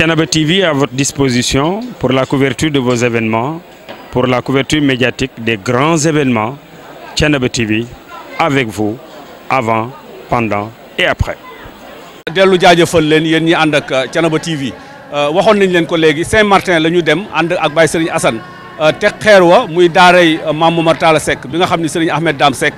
Thiénaba TV à votre disposition pour la couverture de vos événements, pour la couverture médiatique de grands événements. Thiénaba TV avec vous avant, pendant et après. dellu jaajëfal leen yéen ñi ànd ak Thiénaba TV euh, waxoon nañ leen ko léegi Saint-Martin la ñu dem ànd ak Baye Serigne Assane euh, te xeer wa muy daaray euh, Maam Momar Talla Seck bi nga xam ne Serigne Ahmed Dame Seck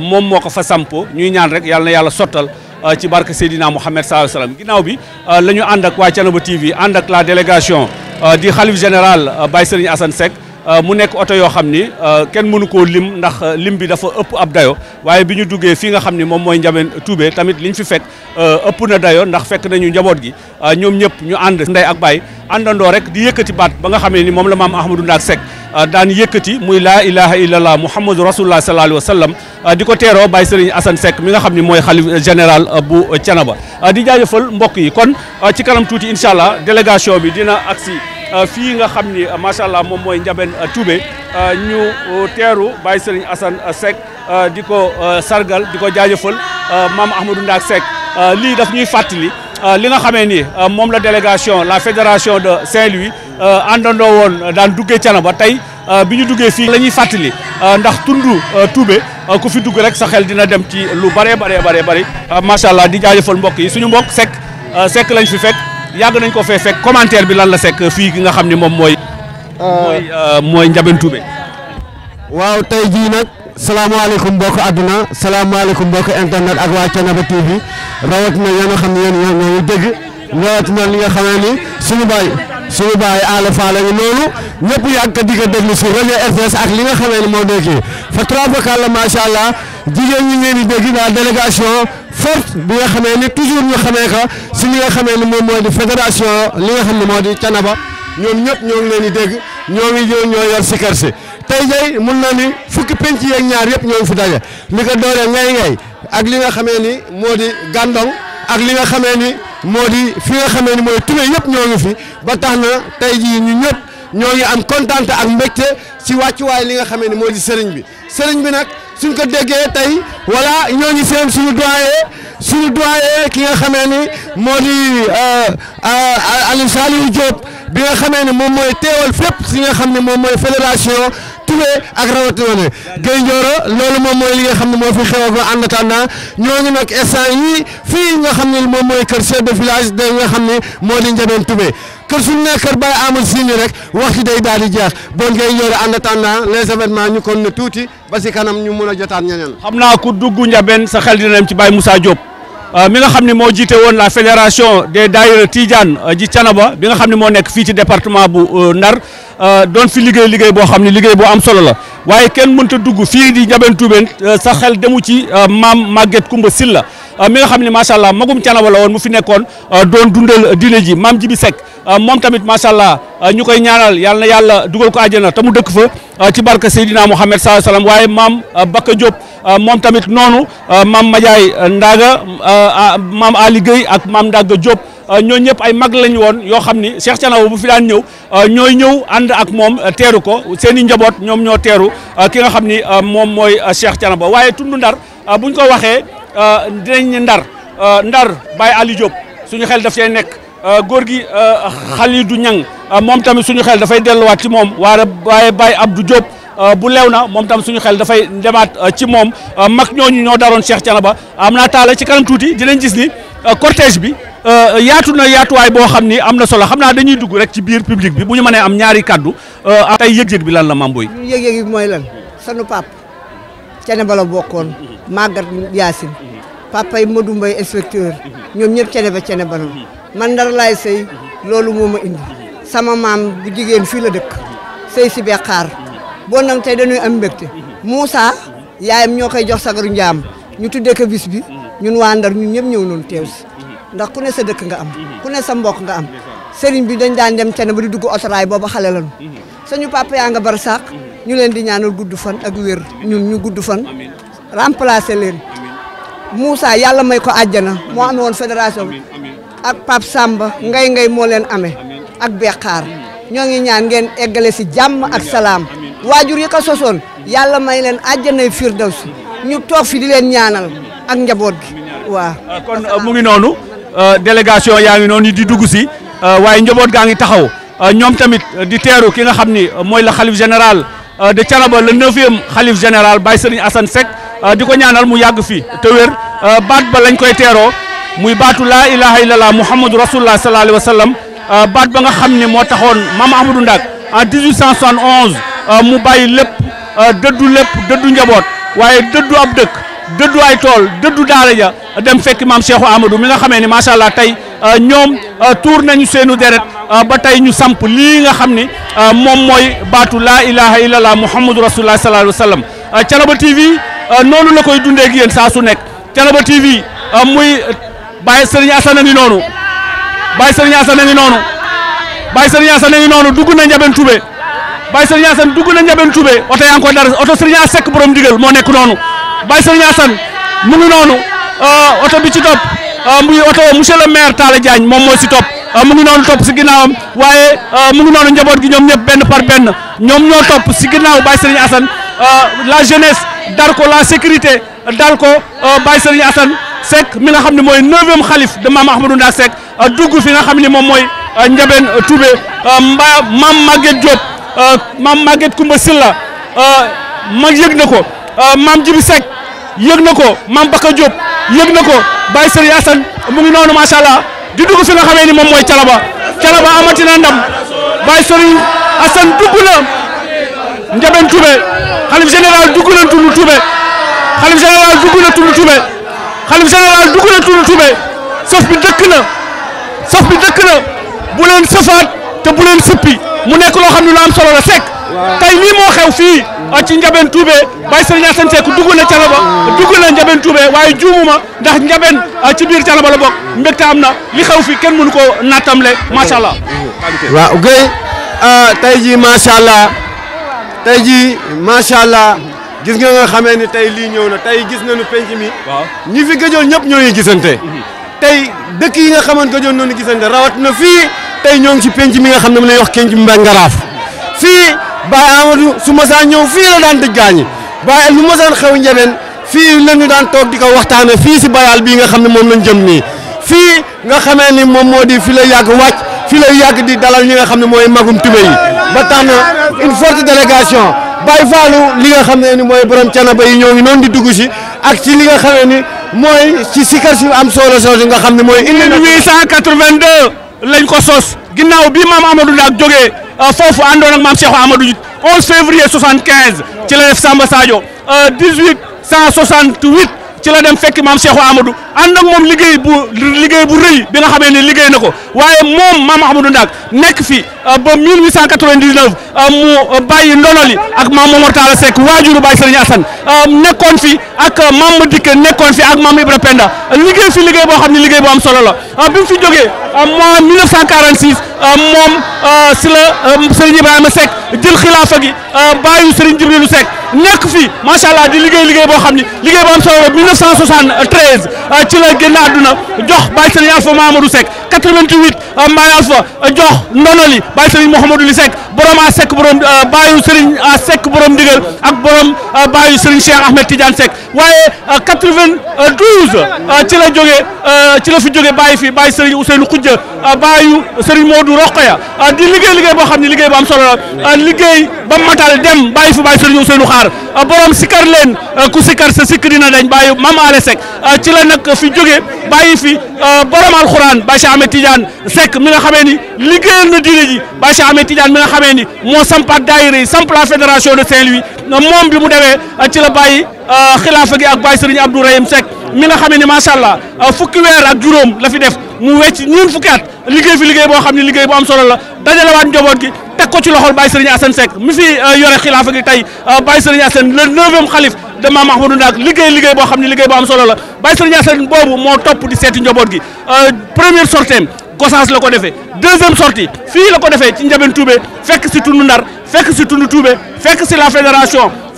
moom moo ko fa sampo ñuy ñaan rek yàlla na yàlla sottal. Euh, ci barke Seydina Mouhamed sallallahu alayhi ginnaaw bi euh, la ñu ànd ak waa Thiénaba TV ànd ak la délégation euh, di xalif général Baye Serigne assan Seck mu nekk oto yoo xam ni kenn mënu koo lim ndax lim bi dafa ëpp ab dayo waaye bi ñu duggee fii nga xam ni moom mooy njaben Toubé tamit liñ fi fekk ëpp na dayo ndax fekk nañu njaboot gi ñoom ñëpp ñu ànd ndey ak baay àndandoo rek di yëkkati baat ba nga xamee ni moom la maam Ahmadou Ndaak Seck daan yëkkati muy laa ilaha illallah muhammadu rasulullah sallallahu alayhi wa sallam di ko teeroo Baye Serigne Assane Seck mi nga xam ni mooy xalif général bu Thiénaba di jaajëfal mbokk yi kon ci kanam tuuti incha allah délégation bi dina agsi fii nga xam ni macha allah moom mooy Ndiabène Toubé ñu teeru Baye Serigne Assane Seck di ko sargal di ko jaajëfal maam Ahmadou Ndak Seck lii daf ñuy fàttali. Euh, li nga xamee ni euh, moom la délégation la fédération de Saint-Louis euh, àndandoo woon daan duggee ba tey bi ñu duggee fii la ñuy fàttali ndax tund Toubé ku fi dugg rek sa xel dina dem ci lu bëree bëree bëree bëri macha allah di jaajëfal mbokk yi suñu mbokk sekk Seck lañ fi fekk yàgg nañ ko fee fekk commentaire bi lan la sekk fii ki nga xam ni moom mooy mooy Ndiabène Toubé waaw tey jii nag salaamaaleykum mbokk àdduna salaamaaleykum mbokk internet ak waa Thiénaba TV rawatina yéen a xam ne yéen ñoo ñu dégg rawatina li nga xamee ni suñu baay suñu baay Alla Fall ngi noonu ñëpp yàgg ka di ko déglu si rajo ak li nga xamee ni moo déggee fa trabacal la macha jigéen ñi ngeen di dégg la délégation forte bi nga xamee ni toujours ñu xamee ka si li nga xamee ni moom mooy di fédération li nga xam ne moo di Thiénaba ñoom ñëpp ñoo ngi leen di dégg ñoo ngi ñoo yor si si tey jay mun na ni fukki penc yeeg ñaar yëpp ñoo fi daje li ko dooree ngay ngay ak li nga xamee ni moo di gàndong ak li nga xamee ni moo di fi nga xamee ni mooy tube yëpp ñoo ngi ba tax na jii ñu ñoo ngi am kontaan ak mbégte ci wàccuwaay li nga xamee ni moo di sëriñ bi sëriñ bi nag suñ ko déggee tey voilà ñoo ngi seen suñu doyen suñu doyen ki nga xamee ni moo di euh, euh, Aliou Saliou Diop bi nga xamee ni moom mooy teewal fépp si nga xam ne moom mooy fédération. Touré ak rawatina ne Guèye Ndioro loolu moom mooy li nga xam ne moo fi xewagoo en attendant ñooñu nag instant yii fii nga xam ne moom mooy kër chef de village de nga xam ne moo di Ndiabène Toubé kër suñu ne kër Baye Amadou Sy rek wax ci day daal di jeex bon Guèye Ndioro en attendant les événements ñu kon ne tuuti ba si kanam ñu mun a jotaat ñeneen. xam naa ku dugg Ndiabène sa xel dina dem ci Baye Moussa Diop. Euh, mi nga xam ne moo jiite woon la fédération des daayira Tidiane euh, ji Canaba bi nga xam ne moo nekk fii ci département bu euh, Ndar doon fi liggéey liggéey boo xam ne liggéey boo am solo la waaye kenn mënta dugg fii di Ndiabène Toubène sa xel demu ci maam Maguette Coumba Sylla Euh, mi nga xam ne macha allah magum canaba la woon mu fi nekkoon euh, doon dundal diine ji maam ji bi sekk euh, moom tamit macha allah ñu koy ñaanal yàlla na yàlla dugal ko àjjana te mu dëkk fa ci barke Seydina Mouhamed sallallahu alayhi wasallam waaye maam Bakka Diop moom tamit noonu maam Madiaye Ndaga ah, maam Ali Gueye ak maam Ndaga Diop ñoo ñëpp ay mag lañu woon yoo xam ni Cheikh Thiénaba bu fi daan ñëw ñooy ñëw ànd ak moom teeru ko seen i njaboot ñoom ñoo teeru ki nga xam ni moom mooy Cheikh Thiénaba waaye tund dinañ ndar euh, ndar Baye Aliou Diop suñu xel daf cee nekk euh, góor gi euh, du Niang moom tamit suñu xel dafay delluwaat ci moom waaye Baye Abdou Diop bu lew na moom tam suñu xel dafay demaat ci moom mag ñooñu ñoo daroon Cheikh Thiénaba am naa taala ci kanam tuuti dinañ gis ni cortège bi yaatu na yaatuwaay boo xam ni am na solo xam naa dañuy dugg rek ci biir public bi bu ñu mënee am ñaari kàddu. tey yëg-yëg bi lan la Mame Boye. yëg-yëg mooy lan sanu pap Ceneba la bokkoon Maguette Yacine papa yi Modou Mbaye inspecteur ñoom ñëpp Ceneba Ceneba la man ndar laay say loolu moo ma indi sama maam bu jigéen fii la dëkk sëy si beqaar boo nag tey dañuy am mbégte Moussa yaayam ñoo koy jox sagaru njaam ñu tuddee ko bis bi ñun waa ndar ñun ñëpp ñëw noonu teew ndax ku ne sa dëkk nga am ku ne sa mbokk nga am sëriñ bi dañ daan dem Ceneba di dugg otoraay booba xale lañu suñu papa yaa nga bar ñu leen di ñaanal gudd fan ak wér ñu ñu gudd fan remplacer leen Moussa yàlla may ko àjjana moo amee woon fédération ak Pape Samba ngay ngay moo leen amee ak Bekkaar ñoo ngi ñaan ngeen eggale si jàmm ak salaam waajur yi ko sosoon yàlla may leen àjjanay firdawsi ñu toog fi di leen ñaanal ak njaboot gi waaw. Ah, kon ah, mu ngi noonu ah, délégation yaa ngi noonu di dugg si waaye njaboot gaa ngi taxaw ñoom tamit di teeru ki nga xam ni mooy la xalif général. Euh, de Thiénaba le neuvième xalif général Baye Serigne Assane Seck euh, di ko ñaanal mu yàgg fi te wér euh, baat ba lañ koy teeroo muy baatu laa ilaha illallah muhammadu rasulullah sallallahu alayhi wa sallam baat ba nga xam ne moo taxoon maam Ahmadou Ndak en 1871 mu bàyyi lépp dëddu lépp dëddu njaboot waaye dëddu ab dëkk dëddu ay tool dëddu daara ja dem fekk maam Cheikhou Amadou mi nga xamee ni macha allah tey euh, ñoom euh, tuur nañu seenu deret euh, ba tey ñu samp lii nga xam ni moom mooy baatu laa ilaha illallah muhammadu rasulullah sallallahu alayhi wa sallam Thiénaba TV noonu la koy dundee ak saa su nekk Thiénaba TV muy Baye Serigne Assane a ngi noonu Baye Serigne Assane a ngi noonu Baye Serigne Assane a ngi dugg na Ndiabène Toubé Baye Serigne Assane dugg na Ndiabène Toubé oto yaa ngi koy dara oto Serigne Assane borom moo nekk noonu. Baye Serigne Assane mu ngi noonu euh, oto bi ci topp euh, muy oto monsieur le maire Talla Diagne moom moo si topp euh, mu ngi noonu topp si ginnaawam waaye mu ngi noonu njaboot gi ñoom ñëpp benn par benn ñoom ñoo topp si ginnaaw Baye Serigne Assane la jeunesse dar la sécurité dar ko Baye Serigne sek mi nga xam ne mooy neuvième xalif de Maam Ahmadou Ndak Seck fi nga xam ne moom mooy Ndiabène Toubé mbaa maam Maguette Diop maam Maguette Koumba Silla ma yëg na ko maam Jibi Seck yëg na ko man Baka Diop yëg na ko Baye Serigne Assane mu ngi noonu macha allah di dugg fi nga xamee ni moom mooy calaba calaba amati na ndam Baye Serigne Assane dugg na Ndiabène Toubé xalif général dugg na Tundu Toubé xalif général dugg na Tundu Toubé xalif général dugg na Tundu Toubé saf bi dëkk na saf bi dëkk na bu leen safaat te bu leen mu nekk loo xam ne lu am solo la sekk tey lii moo xew fii. ci njabeen Toubé Baye Serigne Assane Seck dugg na Thiénaba dugg na Ndiabène Toubé waaye juumuma ndax Ndiabène ah, ci biir Thiénaba la bokk mbégte am na li xew fi kenn mënu ko nattamle macha allah. waaw Guèye ah, tey jii macha allah ji jii macha allah gis nga nga xamee ni tey lii ñëw na tey gis nañu penc mi. waaw ñi fi gëjoon ñëpp ñoo ngi gisante. Mhm. tey dëkk yi nga xamante gëjoon noonu gisante rawat na fii tey ñoo ngi ci penc mi nga xam ne mu lay wax ke mi mbaa ngaraaf Baye Amadou su masaan ñëw fii la daan dëjgaañi Baye lu masaan xew njabeen fii la ñu daan toog di ko waxtaanee fii si bayaal bii nga xam ne moom lañ jëm nii fii nga xamee ni moom moo di fi la yàgg wàcc fi la yàgg di dalal ñi nga xam ne mooy magum tube yi ba tax na une forte délégation Baye Fallou li nga xam ne ni mooy borom canaba yi ñoo ngi noonu di dugg si ak ci li nga xam xamee ni mooy si sikar si am solo soosu nga xam ne mooy. indi 1882 lañ ko sos ginnaaw bi maam Amadou Daak jógee. Euh, foofu àndoon ak maam Cheikhou Amadou 11 février 75 ci la def Samba Sadio 1868 euh, ci la dem fekk maam Cheikhou Amadou ànd ak moom liggéey bu liggéey bu rëy bi nga xamee ne liggéey na ko waaye moom maam Amadou Ndaak nekk fi euh, ba 1899 euh, mu euh, bàyyi ndonoli ak maam Momar Talla Seck waajuru bàyyi Serigne Assane nekkoon fi ak maam Madické nekkoon fi ak mam Ibra Penda liggéey fi liggéey boo xam ne liggéey bu am solo la bi mu fi jógee mois 1946 moom si la Serigne Ibrahima Seck jël xilaafa gi bàyyi Serigne Jibrilu Seck nekk fii macha allah di liggéey liggéey boo xam ni liggéey bu am solo 1973 euh, ci la génn àdduna jox bàyyi sëriñ Alpha Mamadou Seck 88 maanaam fa jox ndono li bàyyi Serigne Mouhamadou borom a Seck borom euh, baayu ak borom euh, baayu Serigne Cheikh Ahmed Tidiane Seck waaye 92 euh, ci la jógee ci la fi jógee bàyyi fi bàyyi Serigne Ousseynou Khoudia baayu Serigne Modou Rokhaya di liggéey liggéey boo xam ne liggéey bu am solo la ba matal dem bàyyi fi bàyyi Serigne Ousseynou Khar borom sikar leen ku sikar sa sikk dina dañ bàyyi Mame Alé Seck ci la nag fi jógee bàyyi fi borom alxuraan bàyyi Ahmed Tidiane Seck mi nga xamee ni liggéeyal na diine ji Baye Cheikh Ahmed Tidiane mi nga xamee ni moo sampaat daayira yi samp la fédération de Saint-Louis moom bi mu demee ah, ci la bàyyi ah, xilaafa ak Baye Serigne Abdou Rahim Seck nga xamee ni macha allah ah, fukki weer ak juróom la fi def mu wecc ñun fukki at liggéey fi liggéey boo xam ne liggéey bu am solo la dajalawaat njaboot gi teg ko ci loxol Baye Serigne Assane Seck mi fi euh, yore xilaafa gi tey euh, Baye Serigne Assane le xalif de Maam Ahmadou Ndack liggéey liggéey boo xam ne liggéey boo am solo la Baye Serigne Assane boobu moo topp di seeti njaboot gi euh, première sortie Gossas la ko defee deuxième sortie fii la ko defee ci Ndiabène Toubé fekk si tund Ndar fekk si tund fekk si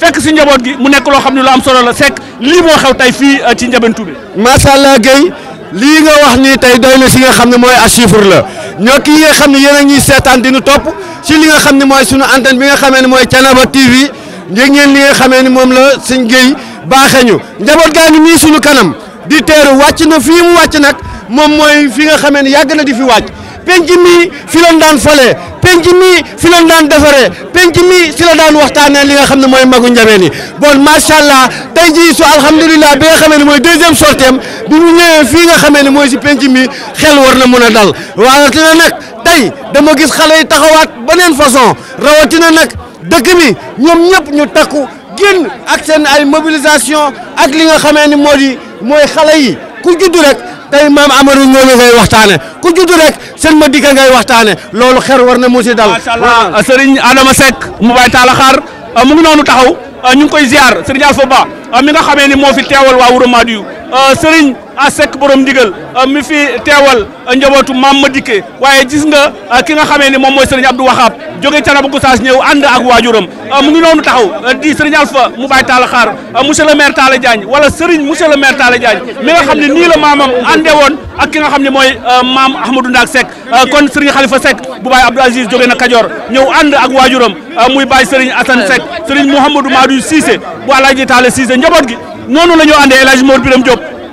fekk si njaboot gi mu nekk loo xam ne lu am solo la Seck lii moo xew tey fii ci Ndiabène Toubé. macha allah Guèye lii nga wax nii tey doy na si nga xam ne mooy a chiffre la. ñoo yi nga xam ne yéen a seetaan dina topp si li nga xam ne mooy suñu antenne bi nga xamee ne mooy Thiénaba TV yëg ngeen li nga xamee ni moom la sëñ Guèye baaxee ñu njaboot gaa ngi nii suñu kanam di teeru wàcc na fii mu wàcc nag moom mooy fi nga xamee ne yàgg na di fi wàcc penc mi fi lañ daan fale penc mi fi lañ daan defaree penc mi si la daan waxtaanee li nga xam ne mooy magu njabeen yi bon macha allah tey jii su alhamdulilah bi nga xamee ne mooy deuxième sorteem bi mu ñëwee fii nga xamee ne mooy si penc mi xel war na mun a dal rawatina nag tey dama gis xale yi taxawaat beneen façon rawatina nag dëkk bi ñoom ñëpp ñu takku génn ak seen ay mobilisation ak li nga xamee ni moo di mooy xale yi ku judd rek. tey maam Amadou Ngoné ngay waxtaane ku judd rek seen ma dikka ngay waxtaane loolu xer war na mu si dal macha allah ah, Serigne Adama Seck mu bàyyi taala xaar ah, mu ngi noonu taxaw ah, ñu ngi koy ziar Serigne fa Ba mi nga xamee ni moo fi teewal waa Wuro Madiou a euh, Asek borom ndigal euh, mi fi teewal njabootu maam ma dikkee waaye gis nga euh, ki nga xamee ni moom mooy Serigne Abdou Wahab jóge Thiénaba Gossas ñëw ànd ak waajuram mu ngi noonu taxaw di Serigne Alpha mu bàyyi Talla Xaar monsieur le maire Talla Diagne wala Serigne monsieur le maire Talla Diagne mi nga xam ne nii la maamam àndee woon ak ki nga xam ne mooy maam Ahmadou Ndak Seck kon Serigne Khalifa Seck bu bàyyi Abdou Aziz joge na Kajoor ñëw ànd ak waajuram muy bàyyi Serigne Assane Seck Serigne Mouhamadou Madou Cissé bu Alaaji Talla Cissé njaboot gi. noonu lañu ñu àndee El Hadj Mor Birame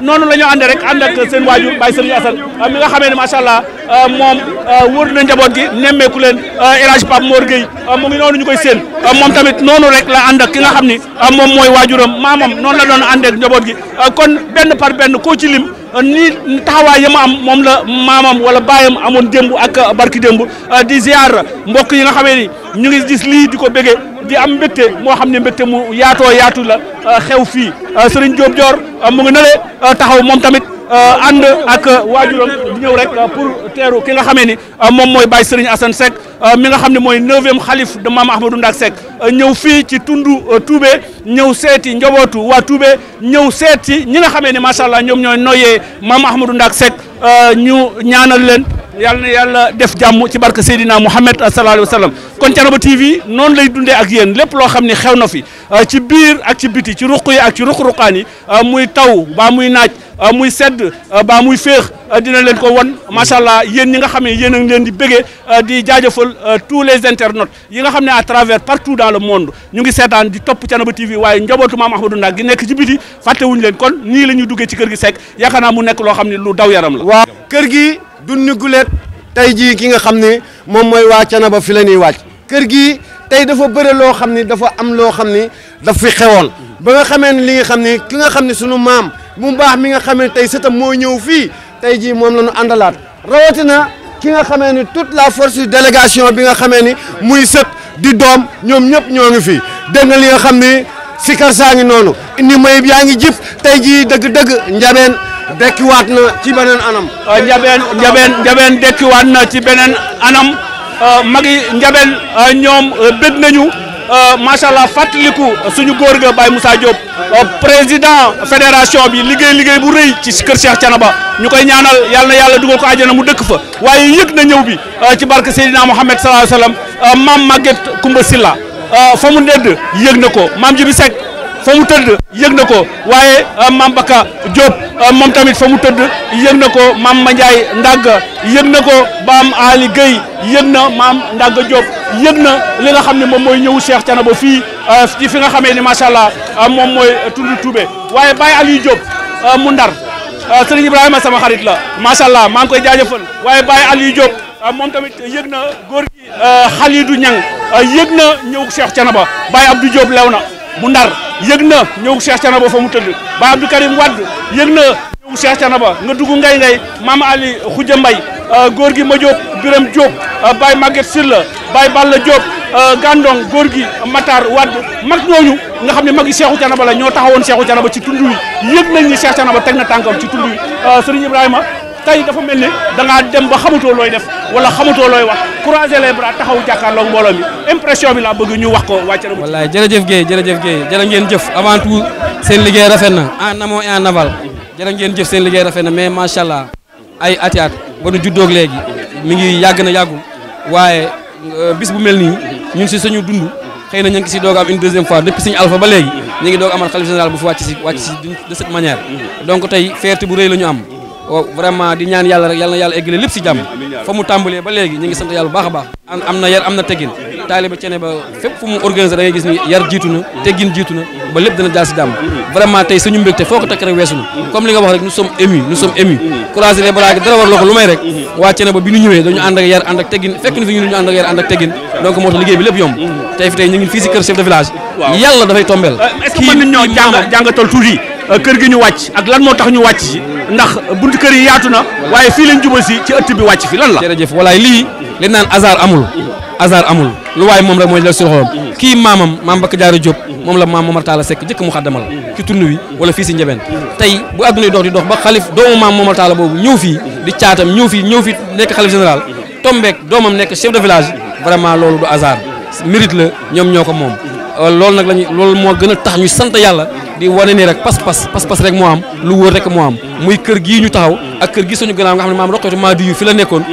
noonu la ñu àndee rek ànd ak seen waajur Baye Serigne Assane euh, mi nga xamee ne allah euh, moom euh, wër na njaboot gi nemmeeku leen El Hadj Pape Mor Gueye mu ngi noonu ñu koy seen moom tamit noonu rek la ànd ki nga xam ni moom mooy waajuram maamam noonu la doon àndee ak njaboot gi kon benn par benn koo ci lim. Euh, nii taxawaay ya am moom la maamam wala baayam amoon démb ak euh, barki démb euh, di ziar mbokk yi nga xamee ni ñu ngi gis lii di ko béggee di am mbégte moo xam ne mbégte mu yaatoo yaatu la xew fii Serigne Diop Dior mu ngi nale taxaw moom tamit ànd ak waajuram di ñëw rek pour teeru ki nga xamee ni moom mooy Baye Serigne Assane Seck Euh, mi nga xam ne mooy neuvième xalif de maam Ahmadou Ndak Seck euh, ñëw fii ci tund euh, Toubé ñëw seeti njabootu wa Toubé ñëw seeti ñi nga xamee ne macha allah ñoom ñooy noyyee maam Ahmadou Ndak Seck ñu ñaanal leen. yàlla na yàlla def jàmm ci barke Seydina Mouhamed sallallahu alayhi wa sallam kon Thiénaba TV noonu lay dundee ak yéen lépp loo xam ni xew na fi euh, ci biir ak ci biti ci ruq yi ak ci ruq-ruqaan yi euh, muy taw baa muy naaj euh, muy sedd baa muy féex dina leen ko wan macha allah yéen ñi nga xam ne yéen a ngi leen di bëggee di jaajëfal tous les internet yi nga xam ne à travers partout dans le monde ñu ngi seetaan di topp Thiénaba TV waaye njabootu maam Ahmadou Ndak gi nekk ci biti fàttewuñu leen kon nii la ñuy duggee ci kër gi sekk yaakaar naa mu nekk loo xam ne lu daw yaram la. du niguleet tey jii ki nga xam ne moom mooy waa ba fi la ñuy wàcc kër gii tey dafa bëre loo xam ni dafa am loo xam ni daf fi xewoon ba nga xamee ne li nga xam ni ki nga xam ne sunu maam mu mbaax mi nga xamee tey sëtam moo ñëw fii tey jii moom la nu àndalaat rawatina ki nga xamee ni toute la force de délégation bi nga xamee ni muy sët di doom ñoom ñëpp ñoo ngi fii dégg nga li nga xam ni sikar saa ngi noonu indi mayib yaa ngi jip tey jii dëgg-dëgg njabeen dekkiwaat na ci beneen anam. Euh, njabeen njabeen njabeen dekkiwaat na ci beneen anam euh, magi njabeen euh, ñoom bëgg nañu macha allah fàttaliku suñu góor ga Baye Moussa Diop président fédération bi liggéey liggéey bu rëy ci kër Cheikh Thiénaba ñu koy ñaanal yàlla na yàlla dugal ko àjjana mu dëkk fa waaye yëg na ñëw bi ci bark Seydina Mohamed sallallahu alayhi wa sallam maam Maguette Koumba fa mu ndedd yëg na ko maam Jibi Seck. fa mu tëdd yëg na ko waaye euh, Mame Baka Diop euh, moom tamit fa mu tëdd yëg na ko mam Mandiaye Ndag yëg na ko baam Ali Gueye yëg na Mame Ndag Diop yëg na li nga xam ne moom mooy ñëw Cheikh Thiénaba fii euh, ci fi nga xamee ni macha allah moom mooy tund Toubé waaye baay Aliou Diop mu ndar sëriñ Ibrahima sama xarit la macha allah maa ngi koy jaajëfal waaye Baye Aliou Diop moom tamit yëg na góor gi Khalidou Niang yëg na ñëw Cheikh Thiénaba Baye Abdou Diop lew na. bu ndar yëg na ñëw Cheikh Thiénaba fa mu tëdd ba Abdou Karim Wade yëg na ñëw Cheikh Thiénaba nga dugg ngay ngay maam Ali Khoudia Mbaye euh, góor gi ma Diop Birame Diop euh, Baye Maguette Sylla Baye Balla Diop euh, Gandong góor gi Matar Wade mag ñooñu nga xam ne mag yi Cheikhou Thiénaba la ñoo taxawoon Cheikhou Thiénaba ci tund wi yëg nañ ni Cheikh Thiénaba teg na tànkam ci tund wi Serigne Ibrahima tey dafa mel ni da ngaa dem ba xamutoo looy def wala xamutoo looy wax croiser les bras taxaw jàkkaarloog mbooloo mi impression bi laa bëgg ñu wax ko wàcc na. wallaay jërëjëf Guèye jërëjëf Guèye jërë ngeen jëf avant tout seen liggéey rafet na en amont et en aval jërë ngeen jëf seen liggéey rafet na mais macha allah ay ati at ba nu juddoog léegi mi ngi yàgg na yàggul waaye euh, bis bu mel nii ñun si suñu dund xëy na ñu ngi si doog am une deuxième fois depuis suñu alpha ba léegi ñu ngi doog amal xalif général bu fi wàcc si wàcc si de cette manière donc tey fierté bu rëy la ñu am vraiment di ñaan yàlla rek yàlla na yàlla eggale lépp si jàmm fa mu tàmbalee ba léegi ñu ngi sant yàlla bu a baax am na yar am na teggin taaliba cene ba fépp fu mu organisé da ngay gis ni yar jiitu na teggin jiitu na ba lépp dana jaar si jàmm vraiment tey suñu mbégte foo ko takk rek weesu na li nga wax rek nous sommes émus nous sommes émus croisé les bras dara war loo ko lu may rek waa cene ba bi ñu ñëwee dañu ànd ak yar ànd ak teggin fekk na fi ñu ñu tax liggéey bi lépp ndax buntu kër yi yaatu na waaye fii lañ jubal si ci ëtt bi wàcc fi lan la jërëjëf walaay lii li naan hasard amul hasard amul lu waaye moom rek mooy la sul xolam kii maamam maam Bakka Diarra Diop moom la maam Momar Talla Seck jëkk mu xaddama la ci tund wi wala fii si njabeen tey bu adduna dox di dox ba xalif doomu maam Momar Talla boobu ñëw fii di caatam ñëw fii ñëw fii nekk xalif général tombeek doomam nekk chef de village vraiment loolu du hasard mérite ñoom ñoo ko moom euh, loolu nag lañu loolu moo gën a tax ñu sant yàlla di wane ni rek pas-pas pas-pas rek moo am lu wóor rek moo am muy kër gii ñu taxaw ak kër gii suñu gannaaw nga xam ne maam roqeetu mhm. mhm. maa mhm. gu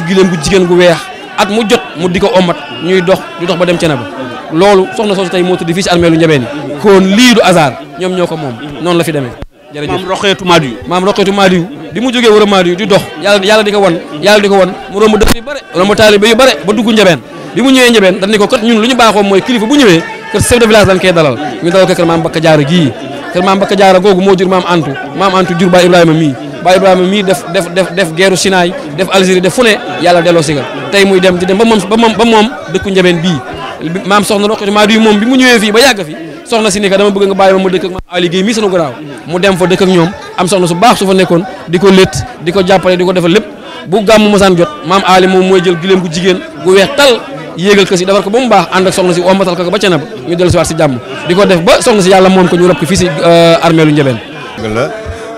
jigéen mu di ko omat ñuy dox di ba dem cene ba loolu soxna soosu tey moo tëdd fii ko moom noonu la fi demee jërëjëf bi mu jógee Wuro Madio di dox yàlla yàlla di ko wan yàlla di ko wan mu romb dëkk yu bare romb taalibe yu bare ba dugg njabeen bi mu ñëwee njabeen dañ ne ko kat ñun lu ñu baaxoo mooy kilifa bu ñëwee kër chef de village dañ koy dalal ñu dalal ko kër maam Bakka Jaara gii kër maam Bakka Jaara googu moo jur maam Antu maam Antu jur Baay Ibrahima mii Baay Ibrahima mii def def def def geeru Sinaay def Algérie def fu ne yàlla delloo si tey muy dem di dem ba moom ba moom dëkku njabeen bii maam moom bi mu ñëwee fii ba yàgg fi soxna si ne dama bëgg nga bàyyi ma ma dëkk ak ma Ali Guèye mii sunu garaaw mu dem fa dëkk ak ñoom am soxna su baax su fa nekkoon di ko létt di ko jàppale di ko defal lépp bu gàmmu masaan jot maam Ali moom mooy jël giléem gu jigéen gu weex tal yéegal ko si defar ko ba mu baax ànd ak soxna si ombatal ko ba canab ñu dellu si waat si jàmm di ko def ba soxna si yàlla moom ko ñu rob ko fii si euh, armeelu Njabeen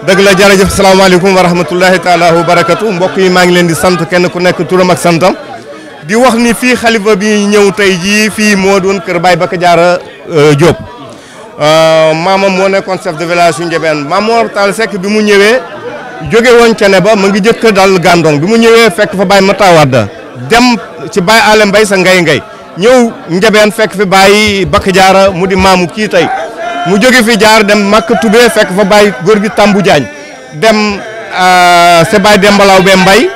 dëgg la jërëjëf salaamaaleykum wa rahmatullahi taala wa barakatu mbokk yi maa ngi leen di sant kenn ku nekk turam ak santam di wax ni fii xalifa bi ñëw tey jii fii moo doon kër Baye Baka Diarra euh, Diop Euh, maamam moo nekkoon chef de village su Ndiébène sekk Tall Seck bi mu ñëwee jóge woon ne ba mu ngi jëkk dal Gandon bi mu ñëwee fekk fa Baye Matawadda dem ci Baye Alé Mbaye sa ngay ngay ñëw Ndiébène fekk fi Baye Bakk mu di maamu kii tey mu jóge fi jaar dem Makk Toubé fekk fa Baye góor gi Tambou Diagne dem euh, sa Baye Dembalaw be Mbay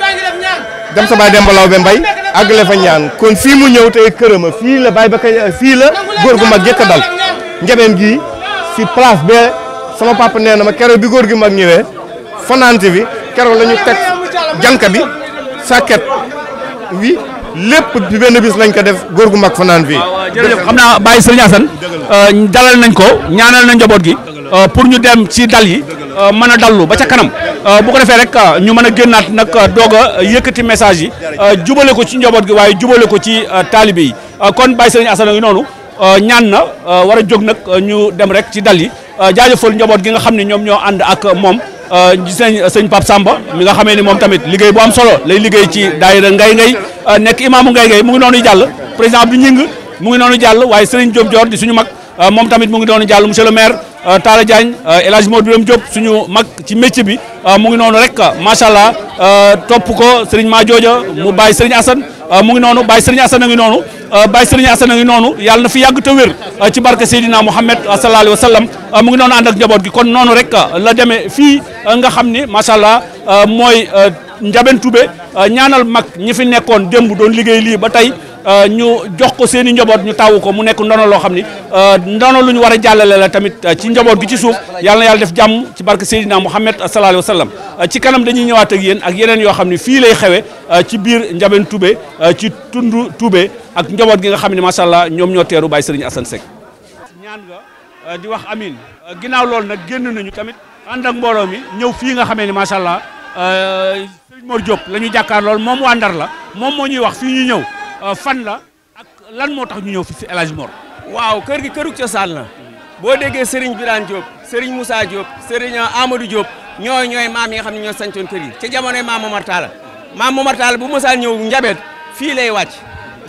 dem sa Baye Dembalaw be Mbay àggale fa kon fii mu ñëw tey kërëma fii la Baye Bakk fii la góor gu mag jëkk dal njabeen gi si place bee sama papa nee na ma keroog bi góor gi mag ñëwee fanaante bi keroog lañu ñu teg jànka bi sàkket wi lépp bi benn bis lañ ko def góor gu mag fanaan fii. jërëjëf xam naa Baye Serigne Assane euh, dalal nañ ko ñaanal nañ njaboot gi euh, pour ñu dem si dal yi euh, mën a dallu ba ca kanam bu ko defee rek ñu mën a génnaat nag doog a yëkkati message yi jubale ko ci njaboot gi waaye jubale ko ci taalibe yi kon Baye Serigne Assane noonu. Euh, ñaan na euh, war a jóg nag euh, ñu dem rek ci dal yi jaajëfal njaboot gi nga xam ne ñoom ñoo ànd ak moom gis nañ sëñ Pape Samba mi nga xamee ni moom tamit liggéey bu am solo lay liggéey ci daayira ngay ngay nekk imaamu ngay ngay mu ngi noonu jàll président Abdou Ñing mu ngi noonu jàll waaye Serigne Diop Dior di suñu mag moom tamit mu ngi noonu jàll monsieur le maire Talla Diagne El Hadj Modou Biram su ñu mag ci métier bi mu ngi noonu rek macha allah topp ko Serigne Madiodia mu bàyyi Serigne Assane. Euh, mu ngi noonu Baye Serigne Assane a ngi noonu euh, Baye Serigne Assane a ngi noonu yàlla na fi yàgg te wér euh, ci barke Seydina Mouhamed sallallahu alayhi wa sallam mu ngi noonu ànd ak njaboot gi kon noonu rek la demee fii nga xam ni macha allah mooy Ndiabène Toubé ñaanal mag ñi fi nekkoon démb doon liggéey lii ba tey Euh, ñu jox ko seen i njaboot ñu taw ko mu nekk ndono loo xam ni euh, ndono lu ñu war a jàllale la tamit euh, ci njaboot gi ci suuf yàlla na yàlla def jàmm ci barke Seydina Mouhamed sallallahu alayhi wa sallam ci kanam dañuy ñëwaat ak yéen ak yeneen yoo xam ni fii lay xewe ci biir Ndiabène Toubé ci tundu Toubé ak njaboot gi nga xam ni macha allah ñoom ñoo teeru Baye Serigne Assane Seck. ñaan nga di wax amin ginnaaw loolu nag génn nañu tamit ànd ak mbooloo mi ñëw fii nga xamee ni macha allah Serigne Mor Diop la ñu jàkkaar lool moom waa la moom moo ñuy wax fii ñu ñëw Euh, fan la ak lan moo tax ñu ñëw fi si El Hadj Mor. waaw kër gi këru cosaan la boo déggee Serigne Birane Diop Serigne Moussa Diop Serigne amadu Diop ñooy ñooy maam yi nga xam ne ñoo santoon kër yi ca jamonoy maam Momar Talla maam Momar bu mosaan ñëw njabeet fii lay wàcc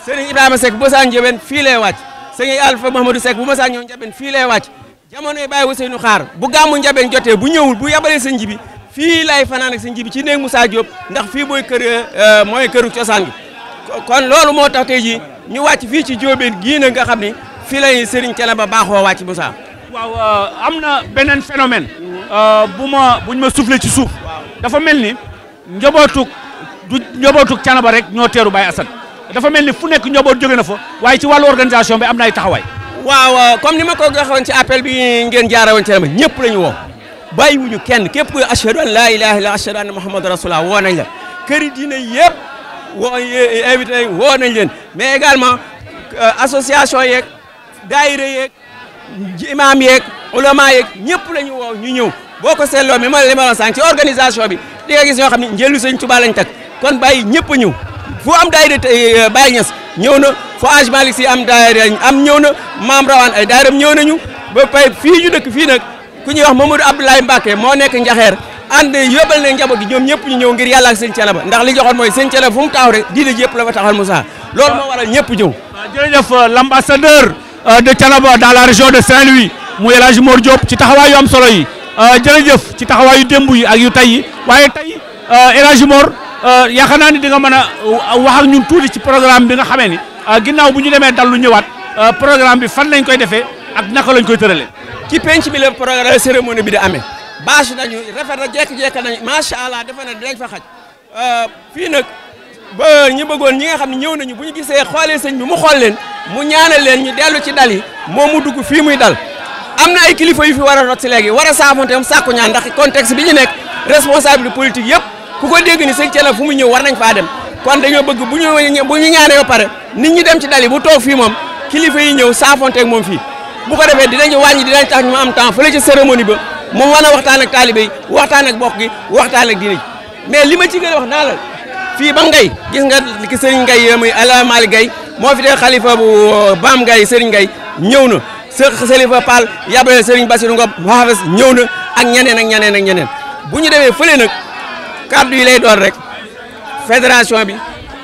Serigne Ibrahima Seck bu mosaan njabeet fii lay wàcc Serigne Alpha Mahamadou Seck bu mosaan ñëw njabeen fii lay wàcc jamonoy Baye Ousseynou Xaar bu gàmmu njabeet jotee bu ñëwul bu yabalee sëñ bi fii lay fanaan ak bi ci néeg Moussa Diop ndax fii mooy kër euh, mooy këru cosaan gi kon loolu moo tax tey jii ñu wàcc fii ci Diobène gii na nga xam ni fii lay Serigne Thiénaba baaxoo wàcc Moussa. waaw euh, am na beneen phénomène. Euh, bu ma buñ ma soufflé ci suuf. dafa mel ni njabootuk du njabootuk Thiénaba rek ñoo teeru Baye Assane dafa mel ni fu nekk njaboot jóge na fa waaye ci wàllu organisation bi am na ay taxawaay. waaw euh, comme ni ma ko waxoon ci appel bi ngeen jaaree woon Thiénaba ñëpp la ñu woo bàyyiwuñu kenn képp kuy ashhadu an laa ilaaha illa ashhadu anna muhammadan rasulullah woo nañ la këri diine yëpp. woo invité woo nañ leen mais également euh, association yeeg daayira yeeg imaam yeeg ulama yeek ñëpp la ñu woo ñu ñëw boo ko seetloo mi ma li ma wax sànq ci organisation bi di nga gis ñoo xam ne njëlu sëñ Tuubaa lañ tag kon bàyyi ñëpp ñëw fu am daayira euh, Baye Niass ñëw na fu Hadj si am daayira am ñëw na maam rawaan ay daayira ñëw nañu ba pay fii ñu dëkk fii nag ku ñuy wax Mamadou Abdoulaye Mbacké moo nekk Njaxeer ànd yóbbal ne njaboot gi ñoom ñëpp ñu ñëw ngir yàlla ak sëñ Thiénaba ndax li joxoon mooy sëñ Thiénaba fu mu taaw rek diine ji yëpp la fa taxal Moussa loolu moo waral ñëpp ñëw jërëjëf euh, l'ambassadeur euh, de Thiénaba dans la région de Saint-Louis muy El Hadj Mor ci taxawaay am solo yi euh, jërëjëf ci taxawaayu yu yi ak yu tey waaye tey El Hadj Mor yaakaar naa ni di nga mën a wax ak ñun tuuti ci programme bi nga xamee ni ginnaaw bu ñu demee dallu ñëwaat programme bi fan lañ koy defee ak naka lañ koy tëralee ci penc bi la programme cérémonie bi di amee bâche nañu rafet na jékki-jékki nañu macha allah defe na dinañ fa xaj euh, fii nag ba ñi bëggoon ñi nga xam ne ñëw nañu bu ñu gisee xoolee sëñ bi mu xool leen mu ñaane leen ñu dellu ci dal yi moom mu dugg fii muy dal am na ay kilifa yu fi war a rot si léegi war a saafonte am sàkku ñaan ndax bi ñu nekk responsable politique yëpp ku ko dégg ni sëñ Thiénaba fu mu ñëw war nañ faa dem kon dañoo bëgg bu ñu bu ñu ñaanee ba pare nit ñi dem ci dal mu bu toog fii moom kilifa yi ñëw saafonte ak moom fii bu ko defee dinañ tax ñu am temps fële ci cérémonie ba moom war na waxtaan ak taalibe yi waxtaan ak bokk gi waxtaan ak diine ji mais li ma ci gën a wax naa la fii ba ngay gis nga ki sëriñ ngay y ala Malick Gaye moo fi dee xalifa bu euh, baam ngay seriñ ngay ñëw na sëlifa Paal yabale sëriñ Bassirou Ngom waafes ñëw na ak ñeneen ak ñeneen ak ñeneen bu ñu demee fële nag kàddu yi lay doon rek fédération bi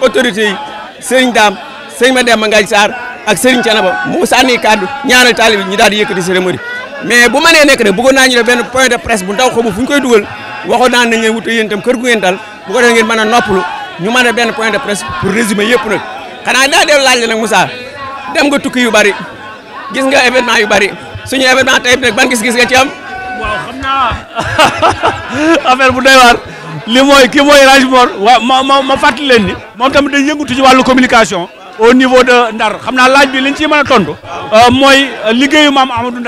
autorité yi sëriñ daam sëriñ Mademba Ngagne Sarr ak sëriñ Canaba mu sànni kàddu ñaanal taalibe ñi daal di yëkkati cérémonie mais bu manee nekk ne bëggoon naa ñu def benn point de presse bu ndaw xamu fu ñu koy dugal waxoon naa ne ngeen wute yéen itam kër gu ngeen dal bu ngeen mën a noppalu ñu mën a benn point de presse pour résumer yëpp nag xanaa daa def laaj la nag Moussa dem nga tukki yu bari gis nga événement yu bari suñu événement tey bi nag ban gis-gis nga ci am. waaw xam affaire bu doy waar li mooy kii mooy Rajmor wa ma ma ma fàttali leen ni. moom tamit day yëngatu ci wàllu communication. au niveau de Ndar xam na laaj bi liñ ciy mën a euh, mooy liggéeyu maam Amadou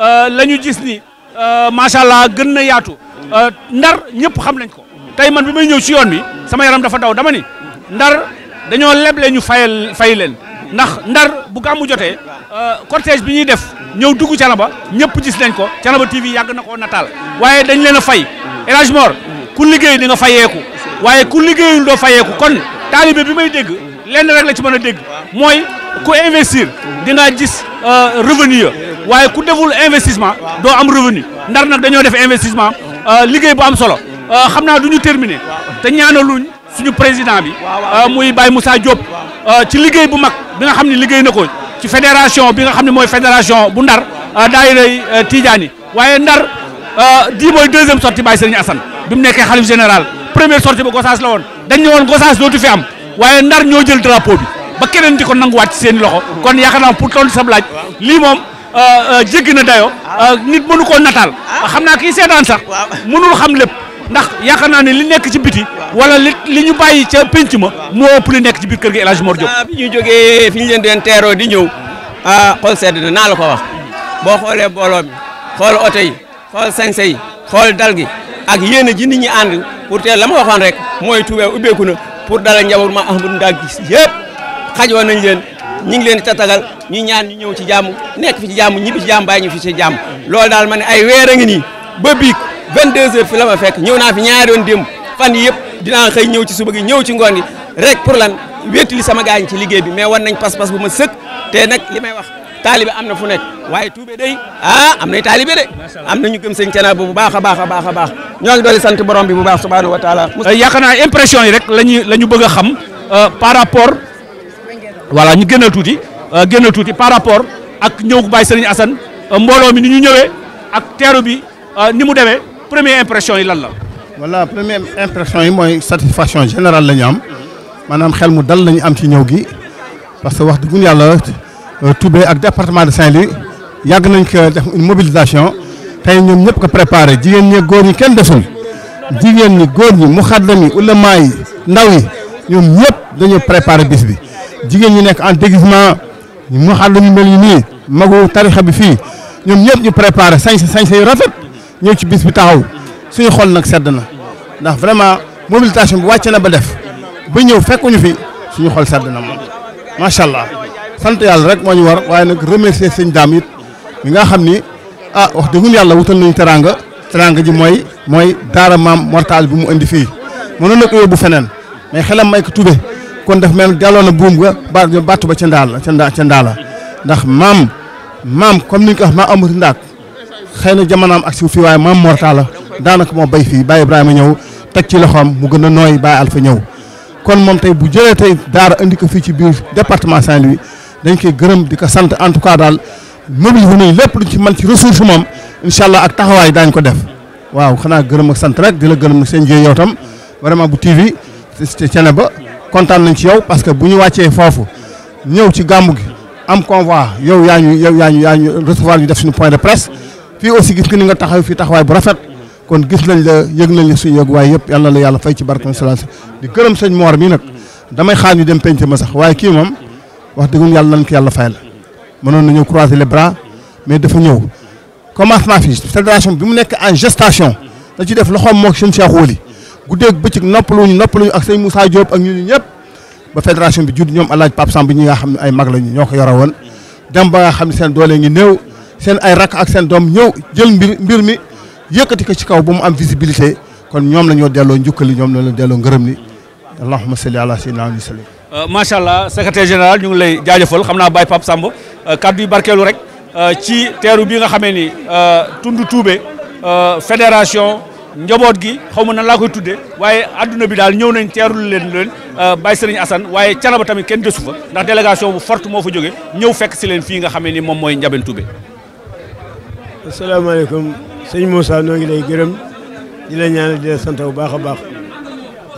Euh, la ñu gis ni euh, macha allah gën na yaatu euh, ndar ñëpp xam nañ ko tey man bi may ñëw si yoon mi sama yaram dafa daw dama ni ndar dañoo leble ñu fayal fay leen ndax ndar bu gàmmu jotee cortège bi ñuy def ñëw dugg ba ñëpp gis nañ ko Thiénaba TV yàgg na koo nataal waaye dañ leen a fay Elage ku liggéey di fayeeku waaye ku liggéeyul doo fayeeku kon taalibe bi may dégg lenn rek la ci mën a dégg mooy ku investir di nga gis revenu waaye ku deful investissement doo am revenu ndar nag dañoo def investissement euh, liggéey bu am solo euh, xam naa du ñu terminer te ñaanaluñ suñu président bi euh, muy Baye Moussa Diop ci liggéey bu mag bi nga xam ne liggéey na ko ci fédération bi nga xam ne mooy fédération bu ndar daayira Tidiane yi waaye ndar di mooy deuxième sortie Baye Serigne Assane bi mu nekkee xalif général premier sortie ba Gossas la woon dañ ne woon Gossas dootu fi am waaye ndar ñoo jël drapeau bi ba keneen di ko nanguwaat ci seen i loxo kon yaakaar naa pour tontu sa laaj lii moom Euh, euh, jéggi na dayo ah. euh, nit mënu koo nataal. Ah. xam naa kii seetaan sax. mënul xam lépp. ndax yaakaar naa ne li nekk ci biti. wala li ñu bàyyi ca penc ma. moo ëpp li nekk ci biir kër gi El Hadj Mor bi ñu jógee fi ñu leen doon teeroo di ñëw. a ah, xool sedd na naa la ko wax. boo xoolee mbooloo mi xool oto yi xool sañse xool dal gi ak yéen ji nit ñi ànd pour te la ma waxoon rek mooy Touba ubbeeku na pour dalal njaboot ma Ahmadou Ndak gi yëpp xajoon nañ leen. ñu ngi leen di tatagal ñu ñaan ñu ñëw ci jàmm nekk fi ci jàmm ñibbi ci jàmm bàyyi ñu fi ci jàmm loolu daal ma ne ay weer a ngi ba biig fi la ma fekk ñëw naa fi ñaari yoon démb fan yëpp dinaa xëy ñëw ci suba gi ñëw ci ngoon gi rek pour lan wéetali sama gaañ ci liggéey bi mais war nañ pas-pas bu ma sëkk te nag li may wax taalibe am na fu nekk waaye tuube day ah am nay taalibe de am na ñu gëm bu baax a baax baax a baax ñoo ngi dooli sant borom bi bu baax subhanahu wa taala euh, yaakaar naa impression yi rek lañu la ñu bëgg a xam euh, par rapport voilà ñu génnal tuuti euh, génnal tuuti par rapport ak ñëw Baye Serigne Assane euh, mbooloo mi ni ñu ñëwee ak teeru bi euh, ni mu demee première impression yi lan la. voilà première impression yi mooy satisfaction générale la ñu am maanaam xel mu dal la ñu am ci ñëw gi parce que wax dëgg yàlla Toubé ak département de Saint-Louis yàgg nañ ko def une mobilisation tey ñoom ñëpp ko préparé jigéen ñi góor ñi kenn desul jigéen ñi góor ñi muxaddam yi ulama yi ndaw yi ñoom ñëpp dañoo préparé bis bi. jigéen ñi nekk en déguisement mu xaar lu ñu mel ni nii magu tarixa bi fii ñoom ñëpp ñu préparé sañ sañ say rafet ñëw ci bis bi taxaw suñu xol nag sedd na ndax vraiment mobilisation bi wàcc na ba def ba ñëw fekkuñu fi suñu xol sedd na moom macha allah sant yàlla rek moo ñu war waaye nag remercier sëñ daam it mi nga xam ni ah wax dëgg yàlla wutal nañu teraanga teraanga ji mooy mooy daara maam mortal bi mu indi fii mënoon na ko yóbbu feneen mais xelam may ko tube kon daf mel delloo na buum ga ba battu ba ca ndaal la ca ndaa ca ndaa la ndax maam maam comme ni ko wax maa amati ndaak xëy na jamonaam ak si fii waaye maam morta la daanaka moo bay fii Baye Ibrahima ñëw teg ci loxoom mu gën a nooy Baye Alpha ñëw kon moom tey bu jëlee tey daara indi ko fii ci biir département Saint-Louis dañ koy gërëm di ko sant en tout cas daal mobiliser nañ lépp luñ ci man ci ressource moom incha allah ak taxawaay daañ ko def waaw xanaa gërëm ak sant re di la gërëm seen jëy yow tam kontaan nañ ci yow parce que bu ñu wàccee foofu ñëw ci gàmmu gi am convoi yow yaa ñu yow yaa ñu yaa ñu recevoir ñu def suñu point de presse fii aussi gis nga ni nga taxaw fii taxawaay bu rafet kon gis nañ la yëg nañ la suñu waaye yëpp yàlla la yàlla fay ci barkan salaas di gërëm sëñ Mor mi nag damay xaar ñu dem penc ma sax waaye kii moom wax dëggum yàlla nañ ko yàlla fayal mënoon na ñëw croiser les bras mais dafa ñëw commencement fii fédération bi mu nekk en gestation da ci def loxoom moog sëñ Cheikh Woli guddeeg bëccëg noppaluñu noppaluñu ak sëñ Moussa Diop ak ñun ñëpp ba fédération bi judd ñoom laaj Pape Samb ñi nga xam ne ay mag lañu ñoo ko yore woon dem ba nga xam ne seen doole ngi néew seen ay rakk ak seen doom ñëw jël mbir mbir mi yëkkati ko ci kaw ba mu am visibilité kon ñoom la ñoo delloo njukkali ñoom la ñoo delloo ngërëm ni allahumma salli a sayyidina wa sallim euh, macha allah secrétaire général ñu ngi lay jaajëfal xam naa Baye Pape Samb euh, kàddu yi barkeelu rek euh, ci teeru bi nga xamee ni tund tuube fédération njaboot gi xaw ma nan laa koy tuddee waaye adduna bi daal ñëw nañ teerul leen leen euh, Baye Serigne Assane waaye canaba tamit kenn desu fa ndax délégation bu fort moo fa jóge ñëw fekk si leen fii nga xamee ni moom mooy Ndiabène Toubé. asalaamaaleykum sëñ Moussa noo ngi lay gërëm di la ñaanal di la sant bu baax a baax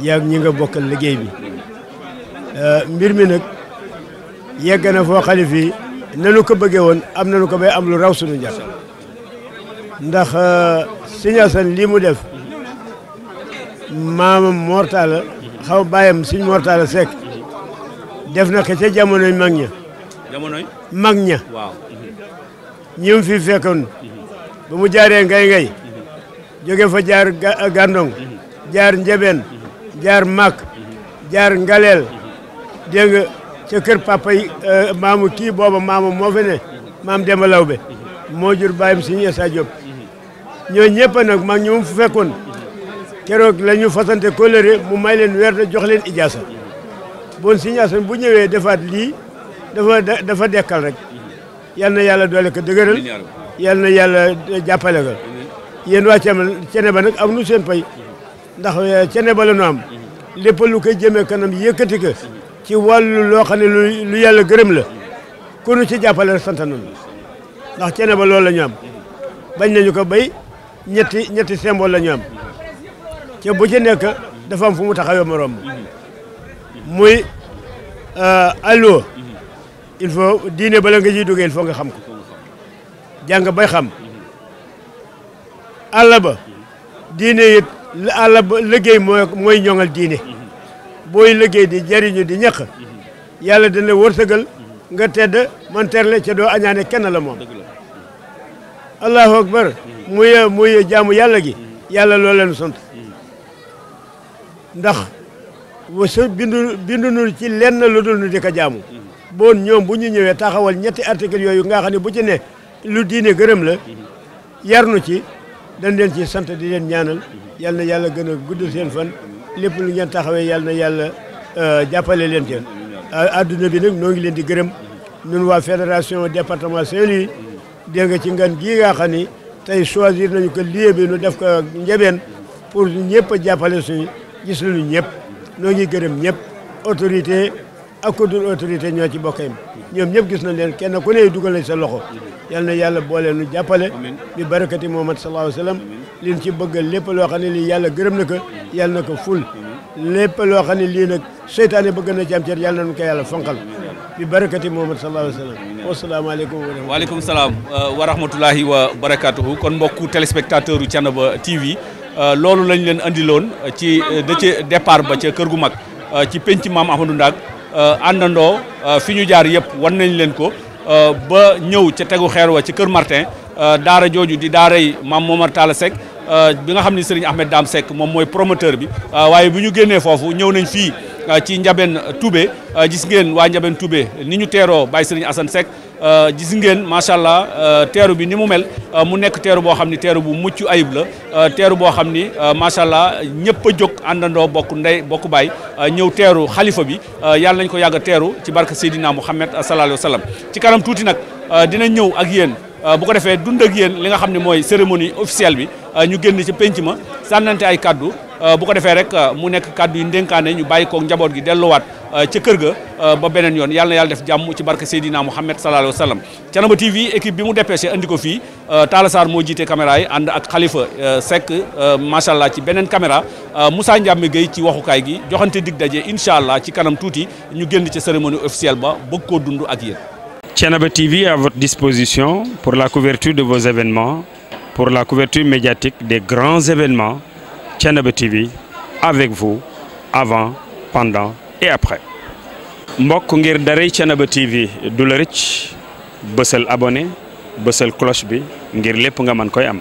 yaag ñi nga bokk liggéey bi euh, mbir mi nag yegga na foo xalif yi nanu ko bëggee woon am nanu ko bay am lu raw suñu njàpp. ndax euh, Serigne Assane lii mu def maamam Mortala xaw bàyyam Serigne Mortala sek def na ko ca jamonoy mag ña jamonoy mag ña waaw fi fekkoon ba mu jaaree ngay ngay jóge fa jaar gàndong jaar njebeen jaar màkk jaar ngaleel dégg nga ca kër papa yi euh, booba maamu moo fi ne maam Demba Lawbe moo jur bàyyam Serigne Issa ñooñu ñëpp nag maag ñoom fu fekkoon keroog la ñu fasante kóllëre mu may leen weer da jox leen ijaasa bon Sëñ Asan bu ñëwee defaat lii dafa dafa dekkal rek yal na yàlla doole ko dëgëral yal na yàlla jàppale ko yéen waa cene ba nag am nu seen pay ndax cene eh, nu am lépp lu koy jëmee kanam yëkkati ka ci wàllu loo xam ne lu yàlla gërëm la ku ci jàppale rek sant ndax cene ba loolu la am bañ nañu ko bay ñetti ñetti symbole la ñu am ca bu ci nekk dafa am fu mu taxawee morom muy euh, allo il faut diine bala nga ciy duggee il faut nga xam ko jàng bay xam àll ba diine it àll ba liggéey mooy mooy ñoŋal diine booy liggéey di jariñu di ñaq yàlla dina wërsëgal nga tedd man terle ca doo añaane kenn la moom allahu akbar mu muy jaamu yàlla gi yàlla loolu leen sunt ndax su bindu bindunul ci lenn lu dul nu di ko jaamu bon ñoom bu ñu ñëwee taxawal ñetti article yooyu nga xam ne bu ci ne lu diine gërëm la yarnu ci dañ leen ci sant di leen ñaanal yal yàlla gën a guddal seen fan lépp lu ngeen taxawee yal na yàlla euh, jàppale leen ci adduna bi nag noo ngi leen di gërëm ñun waa fédération département Saint-Louis dégg nga ci ngan gii nga xam tey choisir nañu ko lieu bi nu def ko njabeen pour ñëpp jàppale suñu gis nañu ñëpp noo ngi gërëm ñëpp autorité ak dul autorité ñoo ci bokk yam ñoom ñëpp gis nañ leen kenn ku ne dugal nañ sa loxo yal na yàlla boole nu jàppale bi barakati Muhammad sallallahu alayhi wa sallam liñ ci bëgg lépp loo xam ne lii yàlla gërëm na ko yàlla na ko ful lépp loo xam ne lii nag seytaane bëgg na ci am cër yàlla nañu ko yàlla fonkal bi barakati Muhammad sallallahu alayhi wa sallam wasalaamaaleykum waaleykum salaam uh, wa rahmatulahi wa barakaatuhu kon mbokku téléspectateur u Thiénaba TV uh, loolu lañ leen andiloon uh, ci da ca départ ba ca kër gu mag ci penc maam Ahmadou Ndak àndandoo fi ñu jaar yëpp wan nañ leen ko ba ñëw ca tegu xeer wa ci kër Martin daara jooju di daaray maam moom a Momar Talla Seck bi nga xam ne Serigne Ahmed Dame Seck moom mooy promoteur bi waaye bu ñu génnee foofu ñëw nañ fii Euh, ci Ndiabène Toubé euh, gis ngeen waa Ndiabène Toubé ni ñu teeroo Baye Serigne Assane Seck euh, gis ngeen macha allah teeru bi ni mu mel mu nekk teeru boo xam ni teeru bu mucc ayib la teeru boo xam ni macha allah ñëpp a jóg àndandoo bokk ndey bokk baay ñëw teeru xalifa bi yàlla nañ ko yàgg teeru ci barke Seydina Muhammad sallallahu alayhi wa sallam ci kanam tuuti nag dina ñëw ak yéen. bu ko defee dund ak yéen li nga xam ne mooy cérémonie officielle bi ñu génn ci penc ma sànnante ay kaddu Euh, bu ko defee rek euh, mu nekk kàddu yu ndénkaane ñu bàyyi koog njaboot gi delluwaat euh, ca kër ga ba beneen yoon yàlla na yàlla def jàmm ci barke Seydina Mouhamed sallallahu alayhi wa sallam Thiénaba TV équipe bi mu dépêché andi ko fii Talla Sarr moo jiite caméra yi ànd ak Khalifa Seck macha allah ci beneen caméra musaa Ndiamé Gueye ci waxukaay gi joxante dig daje incha allah ci kanam tuuti ñu génn ca cérémonie officielle ba bëgg koo dund ak yéen. Thiénaba TV à votre disposition pour la couverture de vos événements pour la couverture médiatique des grands événements. Thiénaba TV avec vous avant pendant et après. mbokk ngir daray Thiénaba TV du la rëcc bësal abonné bësal cloche bi ngir lépp nga mën koy am.